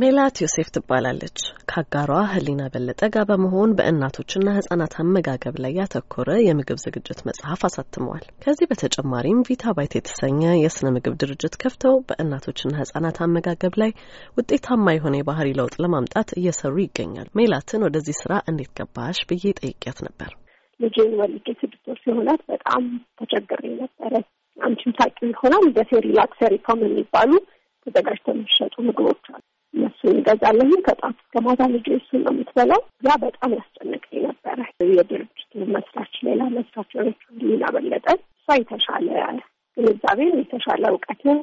ሜላት ዮሴፍ ትባላለች። ከአጋሯ ህሊና በለጠ ጋር በመሆን በእናቶችና ህጻናት አመጋገብ ላይ ያተኮረ የምግብ ዝግጅት መጽሐፍ አሳትመዋል። ከዚህ በተጨማሪም ቪታ ባይት የተሰኘ የስነ ምግብ ድርጅት ከፍተው በእናቶችና ህጻናት አመጋገብ ላይ ውጤታማ የሆነ የባህሪ ለውጥ ለማምጣት እየሰሩ ይገኛሉ። ሜላትን ወደዚህ ስራ እንዴት ገባሽ ብዬ ጠይቄያት ነበር። ልጄን ወልጄ ስድስት ወር ሲሆናት በጣም ተቸግሬ ነበረ። አንቺም ታውቂ ይሆናል በሴሪላክ ሰሪኮም የሚባሉ ተዘጋጅተው የሚሸጡ ምግቦች አሉ እሱ ይገዛለሁ ከጧት እስከ ማታ ልጅ እሱ ነው የምትበላው። ያ በጣም ያስጨንቀኝ ነበረ። የድርጅቱ መስራች ሌላ መስራች ሆነች ሊና በለጠ፣ እሷ የተሻለ ግንዛቤን የተሻለ እውቀትን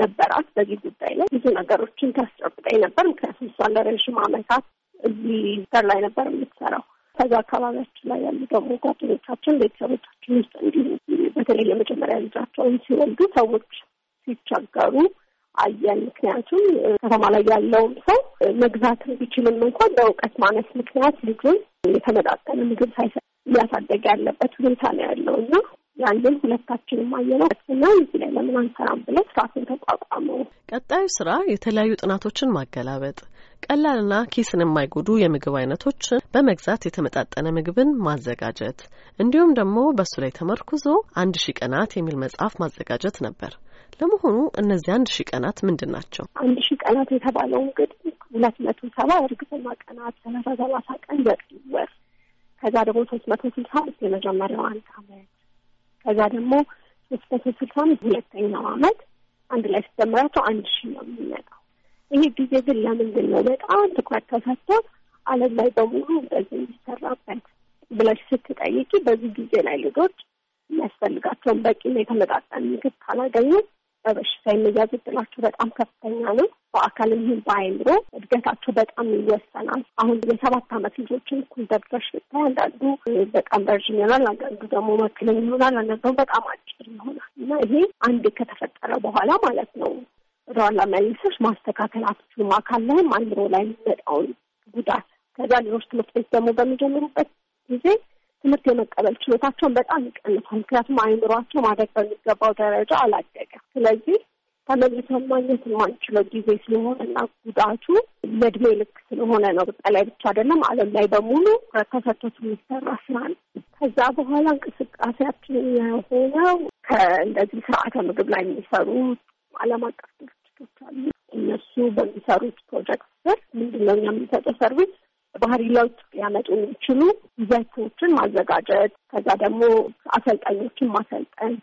ነበራት በዚህ ጉዳይ ላይ ብዙ ነገሮችን ታስጨብጠኝ ነበር። ምክንያቱም እሷ ለረዥም ዓመታት እዚህ ሰር ላይ ነበር የምትሰራው። ከዛ አካባቢያችን ላይ ያሉ ደግሞ ጓደኞቻችን፣ ቤተሰቦቻችን ውስጥ እንዲሁ በተለይ የመጀመሪያ ልጃቸውን ሲወልዱ ሰዎች ሲቸገሩ አየን። ምክንያቱም ከተማ ላይ ያለውን ሰው መግዛትን ቢችልም እንኳን በእውቀት ማነስ ምክንያት ልጁን የተመጣጠነ ምግብ ሳይሰ እያሳደገ ያለበት ሁኔታ ነው ያለው እና ያንን ሁለታችንም አየነው እና እዚህ ላይ ለምን አንሰራም ብለው ስራትን ተቋቋመው። ቀጣዩ ስራ የተለያዩ ጥናቶችን ማገላበጥ ቀላልና ኪስን የማይጎዱ የምግብ አይነቶችን በመግዛት የተመጣጠነ ምግብን ማዘጋጀት እንዲሁም ደግሞ በእሱ ላይ ተመርኩዞ አንድ ሺ ቀናት የሚል መጽሐፍ ማዘጋጀት ነበር። ለመሆኑ እነዚህ አንድ ሺ ቀናት ምንድን ናቸው? አንድ ሺ ቀናት የተባለው እንግዲህ ሁለት መቶ ሰባ እርግዝና ቀናት፣ ሰላሳ ሰላሳ ቀን ዘጠኝ ወር፣ ከዛ ደግሞ ሶስት መቶ ስልሳ አምስት የመጀመሪያው አንድ አመት፣ ከዛ ደግሞ ሶስት መቶ ስልሳ አምስት ሁለተኛው አመት አንድ ላይ ስትደምራቸው አንድ ሺ ነው የሚመጣ ይሄ ጊዜ ግን ለምንድን ነው በጣም ትኩረት ተሰጥቶ ዓለም ላይ በሙሉ እንደዚህ የሚሰራበት ብለሽ ስትጠይቂ በዚህ ጊዜ ላይ ልጆች የሚያስፈልጋቸውን በቂና የተመጣጠነ ምግብ ካላገኙ በበሽታ የመያዝ ዕድላቸው በጣም ከፍተኛ ነው። በአካልም ይሁን በአይምሮ እድገታቸው በጣም ይወሰናል። አሁን የሰባት ዓመት ልጆችን እኩል ደርሰሽ ብታይ አንዳንዱ በጣም ረዥም ይሆናል፣ አንዳንዱ ደግሞ መካከለኛ ይሆናል፣ አንዳንዱ በጣም አጭር ይሆናል እና ይሄ አንዴ ከተፈጠረ በኋላ ማለት ነው ራላ መልሰሽ ማስተካከል አትችሉም። አካል ላይም አይምሮ ላይ የሚመጣውን ጉዳት ከዛ ሌሎች ትምህርት ቤት ደግሞ በሚጀምሩበት ጊዜ ትምህርት የመቀበል ችሎታቸውን በጣም ይቀንሳል። ምክንያቱም አይምሯቸው ማደግ በሚገባው ደረጃ አላደገም። ስለዚህ ተመልሰን ማግኘት የማንችለው ጊዜ ስለሆነ እና ጉዳቱ ለእድሜ ልክ ስለሆነ ነው። ላይ ብቻ አይደለም፣ ዓለም ላይ በሙሉ ተሰቶት የሚሰራ ስራ ነው። ከዛ በኋላ እንቅስቃሴያችን የሆነው ከእንደዚህ ስርዓተ ምግብ ላይ የሚሰሩ ዓለም አቀፍ ድርጅቶች አሉ። እነሱ በሚሰሩት ፕሮጀክት ስር ምንድነው እኛ የምንሰጠው ሰርቪስ ባህሪ ለውጥ ሊያመጡ የሚችሉ ይዘቶችን ማዘጋጀት፣ ከዛ ደግሞ አሰልጣኞችን ማሰልጠን፣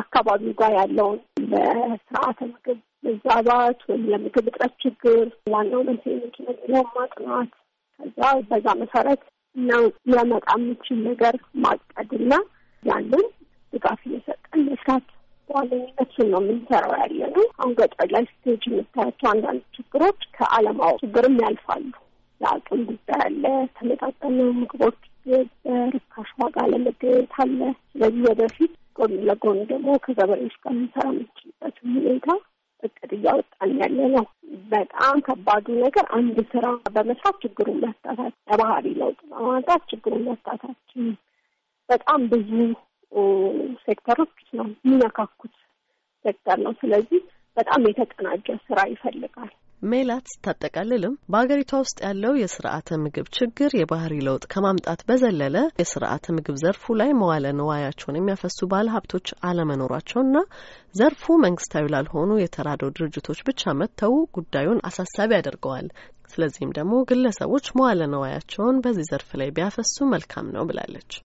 አካባቢው ጋር ያለውን ለስርዓተ ምግብ መዛባት ወይም ለምግብ እጥረት ችግር ዋናው መንስኤ ምንድነው ማጥናት፣ ከዛ በዛ መሰረት ነው ሊያመጣ የሚችል ነገር ማቀድና ያንን ድጋፍ እየሰጠን መስራት በዋነኝነት ነው የምንሰራው ያለ ነው። አሁን ገጠር ላይ ስቴጅ የምታያቸው አንዳንድ ችግሮች ከአለማወቅ ችግርም ያልፋሉ። የአቅም ጉዳይ አለ። ተመጣጠነ ምግቦች በርካሽ ዋጋ ለመገኘት አለ። ስለዚህ ወደፊት ጎን ለጎን ደግሞ ከገበሬዎች ጋር ምንሰራ የምንችልበት ሁኔታ እቅድ እያወጣን ያለ ነው። በጣም ከባዱ ነገር አንድ ስራ በመስራት ችግሩን መፍታታት፣ ለባህሪ ለውጥ በማምጣት ችግሩን መፍታታችን በጣም ብዙ ሴክተሮች ነው የሚነካኩት ሴክተር ነው። ስለዚህ በጣም የተቀናጀ ስራ ይፈልጋል። ሜላት ስታጠቃልልም በሀገሪቷ ውስጥ ያለው የስርዓተ ምግብ ችግር የባህሪ ለውጥ ከማምጣት በዘለለ የስርዓተ ምግብ ዘርፉ ላይ መዋለ ንዋያቸውን የሚያፈሱ ባለሀብቶች አለመኖራቸውና ዘርፉ መንግስታዊ ላልሆኑ የተራዶ ድርጅቶች ብቻ መጥተው ጉዳዩን አሳሳቢ ያደርገዋል። ስለዚህም ደግሞ ግለሰቦች መዋለ ንዋያቸውን በዚህ ዘርፍ ላይ ቢያፈሱ መልካም ነው ብላለች።